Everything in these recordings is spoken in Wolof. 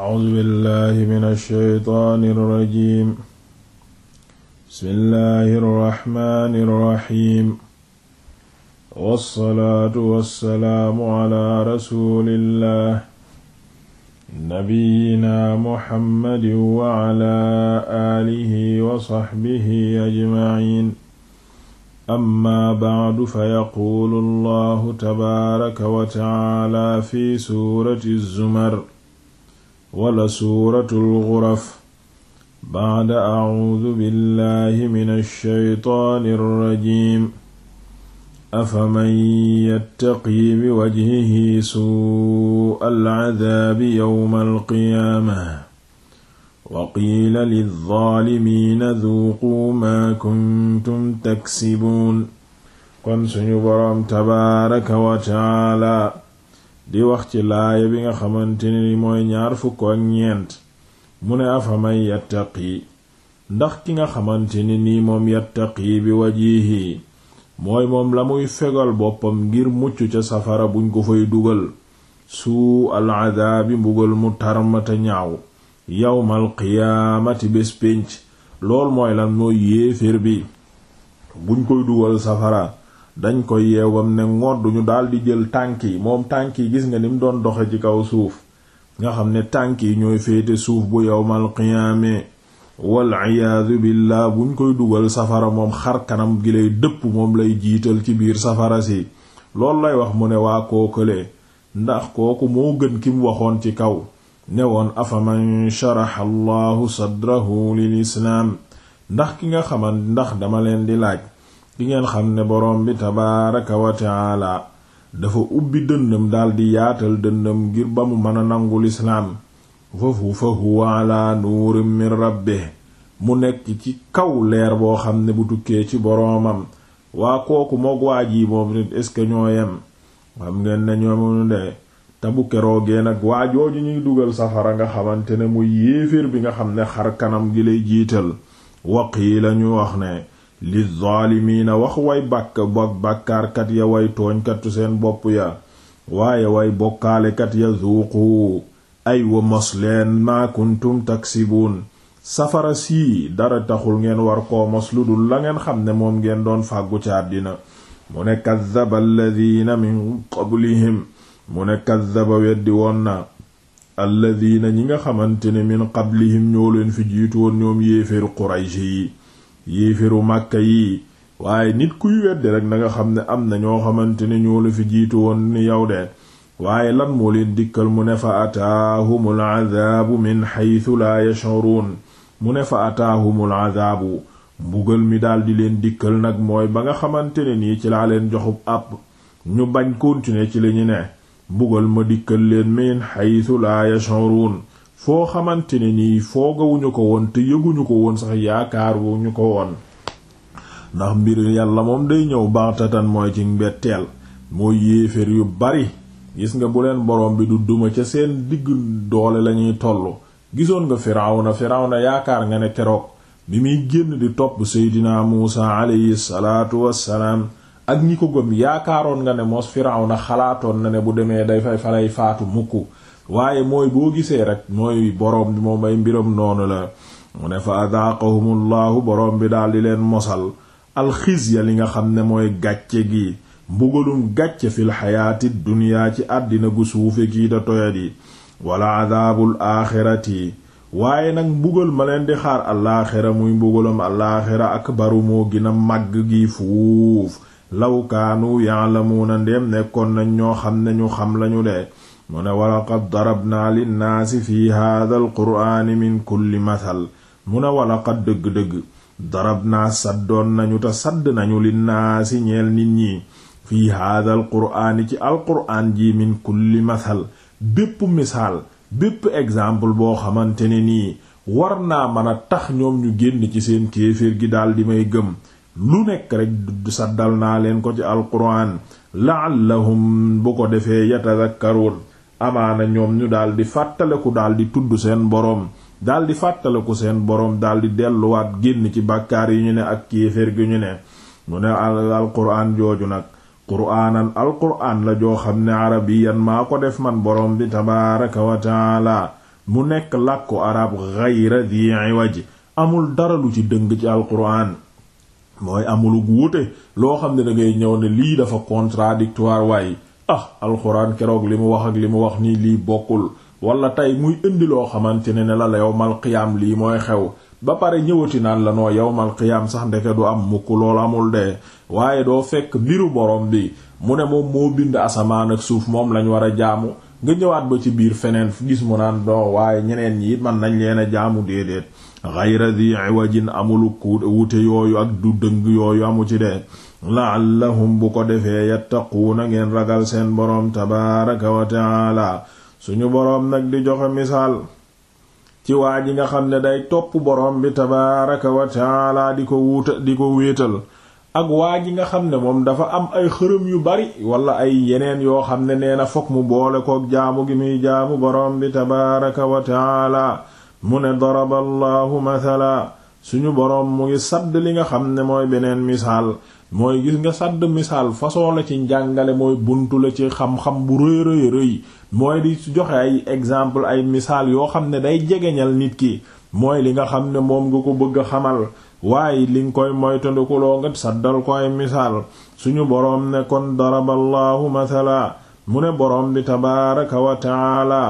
أعوذ بالله من الشيطان الرجيم بسم الله الرحمن الرحيم والصلاة والسلام على رسول الله نبينا محمد وعلى آله وصحبه أجمعين أما بعد فيقول الله تبارك وتعالى في سورة الزمر wala suuratul ghuraf ba'da a'uudu billahi minash shaytaanir rajiim afaman yattaqi biwajhihi suu'al 'adaabi yawmal qiyaamah wa qiila lizzaalimiina dhuuquu maa kuntum taksibuun kon suñu boroom tabaaraka wa ta'aala di wax ci laaya bi nga xamante ni mooy ñaar fukk ak ñeent mu ne afaman yattaqi ndax ki nga xamante ni nii moom yattaqi bi wajihi mooy moom la muy fegal boppam ngir mucc ca safara buñ ko fay dugal suu al adaabi mbugal mu tarmata ñaaw yawmal qiyaamati bés pénc lool mooy lan mooy yéeféer bi buñ koy dugal safara dañ koy yeewam ne ngodd ñu daldi jël tànk yi moom tànk yi gis nga ni mu doon doxe ci kaw suuf nga xam ne tànk yi ñooy féete suuf bu yowmal qiyaame wal iyaadu billah buñ koy dugal safara moom xar kanam gi lay dëpp moom lay jiital ci biir safara si loolu lay wax mu ne waa koo kële ndax kooku moo gën ki mu waxoon ci kaw ne woon afaman sharaxa allahu sadrahu lil islaam ndax ki nga xaman ndax dama leen di laaj di ngeen xam ne boroom bi tabaaraka wa dafa ubbi dëndëm daldi yaatal dëndëm ngir ba mu mën a nangul islaam fafu fa huwa min rabbih mu nekk ci kaw leer boo xam ne bu tukkee ci boroomam waa kooku moog waa ji moom nit ce que ñoo yem xam ngeen ne ñoomuñu de te bu keroogee nag waa jooju ñuy dugal safara nga xamante ne mu yéeféer bi nga xam ne xar kanam gi lay jiital waq yi lañu wax ne li zaalimiina wax way bàkk bak bàkkaarkat ya way tooñkat seen bopp ya waaye way bokkaalekat ya zuuqu ay wa mos leen maa kuntum taksibuun safara sii dara taxul ngeen war koo mos lu dul la ngeen xam ne moom ngeen doon fàggu ca àddina mu ne kaddaba alladina min qablihim mu ne kaddaba weddi woon na alladina ñi nga xamante ne min qablihim ñoo leen fi jiitu woon ñoom yéeféer qurayshi yi yéefiru màkka yi waaye nit kuy wedd rek na nga xam ne am na ñoo xamante ne ñoo la fi jiitu woon ni yow de waaye lan moo leen dikkal mu ne fa ataahumul adaabu min xaytu laa mu ne fa ataahumul adaabu mbugal mi daldi leen dikkal nag mooy ba nga xamante ne nii ci laa leen joxub àpp ñu bañ continuer ci li ñu ne mbugal ma dikkal leen min xaytu laa yashurun foo xamante ne nii foogawuñu ko woon te yëguñu ko woon sax yaakaar wuñu ko woon ndax mbir yàlla moom day ñëw baxtatan mooy ci mbetteel mooy yéeféer yu bari gis nga buleen leen borom bi du duma ca seen diggu doole lañuy tollu gisoon nga firawna firawna yaakaar nga ne keroog bi muy génn di topp seydinaa muusa alayhi salaatu wassalaam ak ñi ko gëm yaakaaroon nga ne mos firawna xalaatoon na ne bu demee day fay falay faatu mukk waaye mooy boo gisee rek mooy boroom bi moom ay mbiram noonu la mu ne fa adaaqahum llahu boroom bi daal di leen mosal alxisya li nga xam ne mooy gàcce gi mbugalum gàcce fil xayaati duniyaa ci àddina gu suufe gii da toyat yi wala adaabul aaxirati waaye nag mbugal ma leen di xaar alaaxira muy mbugalum alaaxira akbaru moo gën a màgg gi fuuf law kaanu na ndéem nekkoon nañ ñoo xam ne ñu xam lañu de mu ne walaqad darabnaa linnaasi fi hada al quraani min kulli mathal mu ne walaqad dëgg-dëgg darabnaa saddoon nañu te sadd nañu linnaasi ñeel nit ñi fi hada al quraani ci alquraan ji min kulli mathal bépp misaal bépp exemple boo xamante ne nii war naa mën a tax ñoom ñu génn ci seen kéeféer gi daal di may gëm lu nekk rek saddal naa leen ko ci alquraan la'allahum bu ko defee yatadakkarun amaana ñoom ñu daal di fàttaleku daal di tudd seen boroom daal di fàttaleku seen boroom daal di delluwaat génn ci bàkkaar yi ñu ne ak kéeféer gi ñu ne mu ne alquraan jooju nag quraanan alquraan la joo xam ne arabiyan maa ko def man boroom bi tabaaraka wa mu nekk làkku arab ghayra dhi iwaj amul dara lu ci dëng ci alquraan mooy amulu wuute loo xam ne dangay ñëw ne lii dafa contradictoire waaye ah alxuraan keroog li mu wax ak li mu wax nii lii bokkul wala tey muy indi loo xamante ne ne la la yowmal qiyaam lii mooy xew ba pare ñëwati naan la noo yowmal qiyaam sax ndeke du am mukk loolu amul de waaye doo fekk mbiru borom bi mu ne moom moo bind asamaan ak suuf moom lañu war a jaamu nga ñëwaat ba ci biir feneen gis mu naan doo waaye ñeneen ñi it man nañ leen a jaamu déedéet xayra di iwajin amulu ku wute yooyu ak du dëng yooyu amu ci de la'allahum bu ko defee yattaquuna ngeen ragal seen boroom tabaaraka wa ta'aala suñu boroom nag di joxe misaal ci waa ji nga xam ne day topp boroom bi tabaaraka wa ta'aala di ko wuuta di ko wéetal ak waa ji nga xam ne moom dafa am ay xërëm yu bari wala ay yeneen yoo xam ne nee na fokk mu boole kook jaamu gi muy jaamu boroom bi tabaaraka wa ta'aala mu ne daraba allahu mathala suñu boroom mu ngi sadd li nga xam ne mooy beneen misaal mooy gis nga sàdd misaal façon la ci njàngale mooy buntu la ci xam-xam bu rëy rëy rëy mooy di joxe ay exemple ay misaal yoo xam ne day jegeñal nit ki mooy li nga xam ne moom nga ko bëgg a xamal waaye li nga koy moytandikuloo nga sàddal ko ay misaal suñu boroom ne kon daraballahu mathala mu ne boroom bi tabaaraka wa taala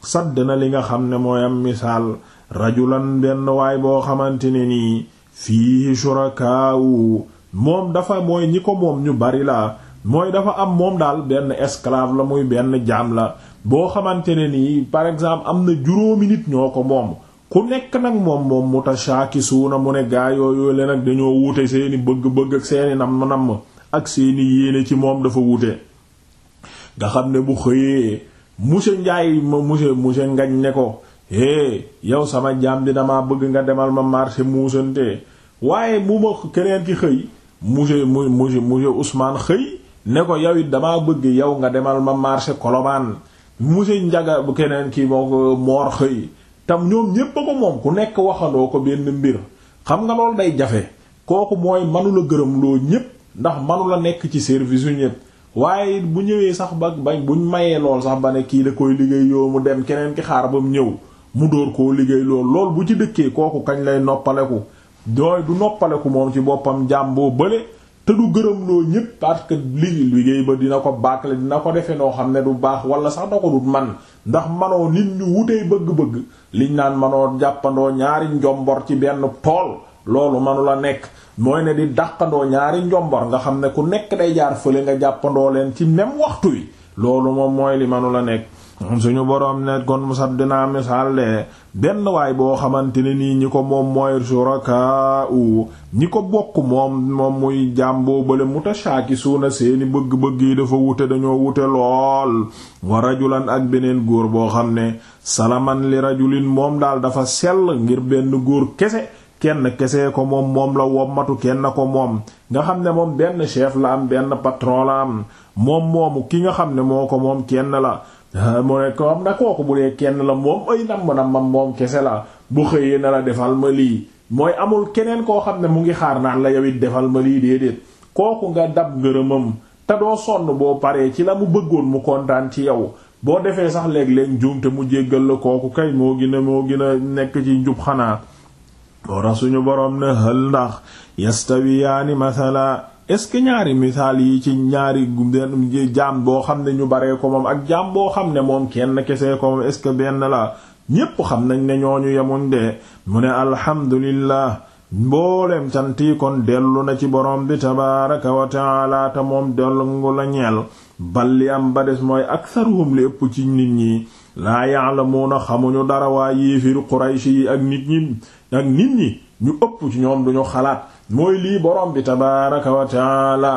sàdd na li nga xam ne mooy am misaal rajulan benn waay boo xamante ne nii fii shurakaa'u moom dafa mooy ñi ko moom ñu bari laa mooy dafa am moom daal benn esclave la muy benn jaam la boo xamante ne nii par exemple am na juróomi nit ñoo ko moom ku nekk nag moom moom mutashaakisuuna mu ne gaa yooyu leen nag dañoo wuute seeni bëgg-bëgg ak seeni nam namm ak seeni yéene ci moom dafa wuute nga xam ne bu xëyee monsieur Ndiaye ma monsieur monsieur Ngañ ne ko hé eh, yow sama jaam bi dama bëgg nga demal ma marché muusante waaye bu ma keneen ki xëy monsieur mu monsieur monsieur usmaan xëy ne ko yow it damaa bëgg yow nga demal ma marché Colobane monsieur Ndiaga bu keneen kii moo ko xëy tam ñoom ñépp moom ku nekk waxandoo ko benn mbir xam nga loolu day jafe kooku mooy manula gërëm loo ñépp ndax manula nekk ci service yu ñépp waaye bu ñëwee sax ba bañ buñ mayee lool sax ba ne kii da koy liggéey yoo mu dem keneen ki xaar ba ñëw mu dóor koo liggéey lool lool bu ci dëkkee kooku kañ lay noppaleku dooy du noppaleku moom ci boppam jàmboo bële te du gërëm loo ñépp parce que li liggéey ba dina ko bàkkle dina ko defe noo xam ne du baax wala sax na ko dut man ndax manoo nit ñu wutee bëgg-bëgg liñ naan manoo jàppandoo ñaari njombor ci benn tool loolu manu la nekk mooy ne di dàqandoo ñaari njombor nga xam ne ku nekk day jaar fële nga jàppandoo leen ci même waxtu wi loolu moom mooy li manu nekk suñu boroom ne kon musat dinaa misaal de benn waay boo xamante ne nii ñi ko moom mooy suraka u ñi ko bokk moom moom muy jàmboo bale suuna seeni bëgg-bëgg yi dafa wute dañoo wute lool wa rajulan ak beneen góor boo xam ne salaman li rajulin moom daal dafa sell ngir benn góor kese kenn kese ko moom moom la wommatu kenn ko moom nga xam ne moom benn chef la am benn patron la am moom moomu ki nga xam ne moo ko moom kenn la Ah, mu ne ko na kooku bu dee kenn la moom ay nam nam moom kese la bu xëyee na la defal ma lii mooy amul keneen koo xam ne mu ngi xaar naan la yowit defal ma lii déedéet kooku nga dab ngërëmam te doo sonn boo paree ci la mu bëggoon mu kontaan ci yow boo defee sax léeg-léeg njuumte mu jéggal la kooku kay moo gi a moo gën a nekk ci njub xanaa wara suñu boroom ne hal ndax yastawiyaani mathala est-ce que ñaari misaal yi ci ñaari jaam boo xam ne ñu baree ko moom ak jaam boo xam ne moom kenn kese ko moom est que benn la ñépp xam nañ ne ñooñu yemuñ de mu ne alhamdulillah mbooleem cantii kon dellu na ci borom bi tabaaraka wa moom dellu ngu la ñeel balli am ba des mooy aksaruhum li ëpp ci nit ñi laa ya'lamuuna xamuñu dara waa yéefir Quraysh yi ak ak nit ñi ñu ëpp ci ñoom duñu xalaat mooy lii borom bi tabaaraka wa taala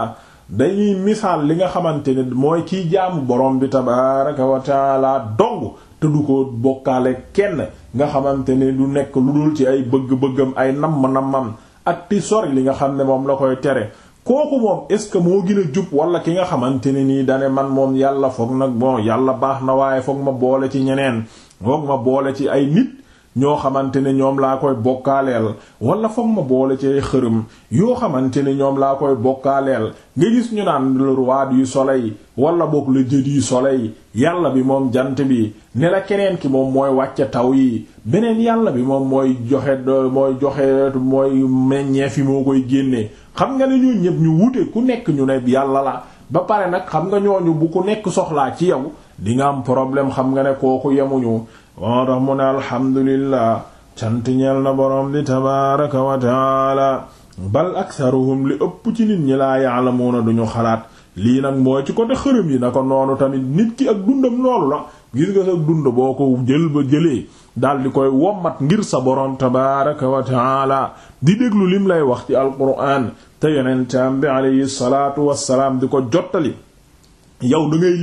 dañuy misaal li nga xamante ne mooy kiy jaamu borom bi tabaaraka wa taala dong te du ko bokkaale kenn nga xamante ni du nekk lu dul ci ay bëgg-bëggam ay namm-nammam ak ti sori li nga xam ne moom la koy tere kooku moom est ce que moo gën a jub wala ki nga xamante ne nii dane man moom yàlla foog nag bon yàlla baax na waaye foog ma boole ci ñeneen foog ma boole ci ay nit ñoo xamante ne ñoom laa koy bokkaaleel wala foog ma boole ci xërëm yoo xamante ne ñoom laa koy bokkaaleel nga gis ñu naan le yu du soleil wala boog le dieu du soleil yàlla bi moom jant bi ne la keneen ki moom mooy wàcce taw yi beneen yàlla bi moom mooy joxe mooy joxe mooy meññeef yi moo koy génne xam nga ne ñu ñëpp ñu wute ku nekk ñu ne yàlla la ba pare nag xam nga ñooñu bu ku nekk soxlaa ci yow dinga am problème xam nga ne kooku yemuñu moo tax mu ne alhamdulillah cant na borom di tabaaraka wa taala bal aksaruhum li ëpp ci nit ñi laa ya'lamuuna duñu xalaat lii nag mooy ci côté xërëm yi na ko noonu tamit nit ki ak dundam loolu la gis nga sa dund boo ko jël ba jëlee daal di koy wommat ngir sa borom tabaaraka wa taala di déglu lim lay wax ci alquraan te yonentam bi alayhi salaatu wassalaam di ko jottali yow da ngay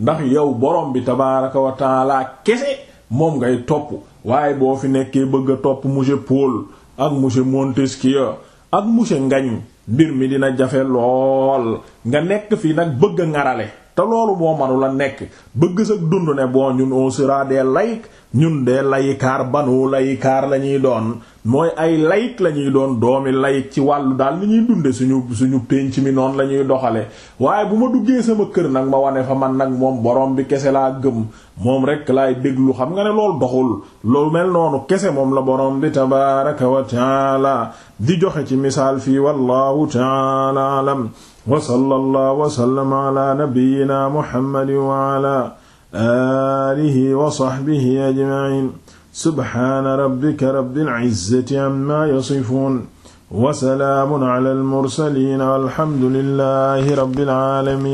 ndax yow borom bi tabaaraka wa taala kese moom ngay topp waaye boo fi nekkee bëgg a topp monsieur Paul ak monsieur Montesquieu ak monsieur Ngagne mbir mi dina jafe lool nga nekk fii nag bëgg a ŋarale te loolu moo manu la nekk bëgg sag dund ne bon ñun on sera des laïcs ñun des layikaar banu layikaar la ñuy doon mooy ay laïc la ñuy doon doomi laïc ci wàllu daal li ñuy dunde suñu suñu pénc mi noonu la ñuy doxale waaye bu ma duggee sama kër nag ma wane fa man nag moom borom bi kese laa gëm moom rek laay déglu xam nga ne loolu doxul loolu mel noonu kese moom la borom bi tabaaraka wa taala di joxe ci misaal fii wallahu taala alam wa sallallahu wa sallama ala nabiyyina muhammadin wa ala alihi wa sahbihi ajma'in subhana rabbika rabbil izzati amma yasifun wa salaamun ala al mursalin walhamdulillahi rabbil alamin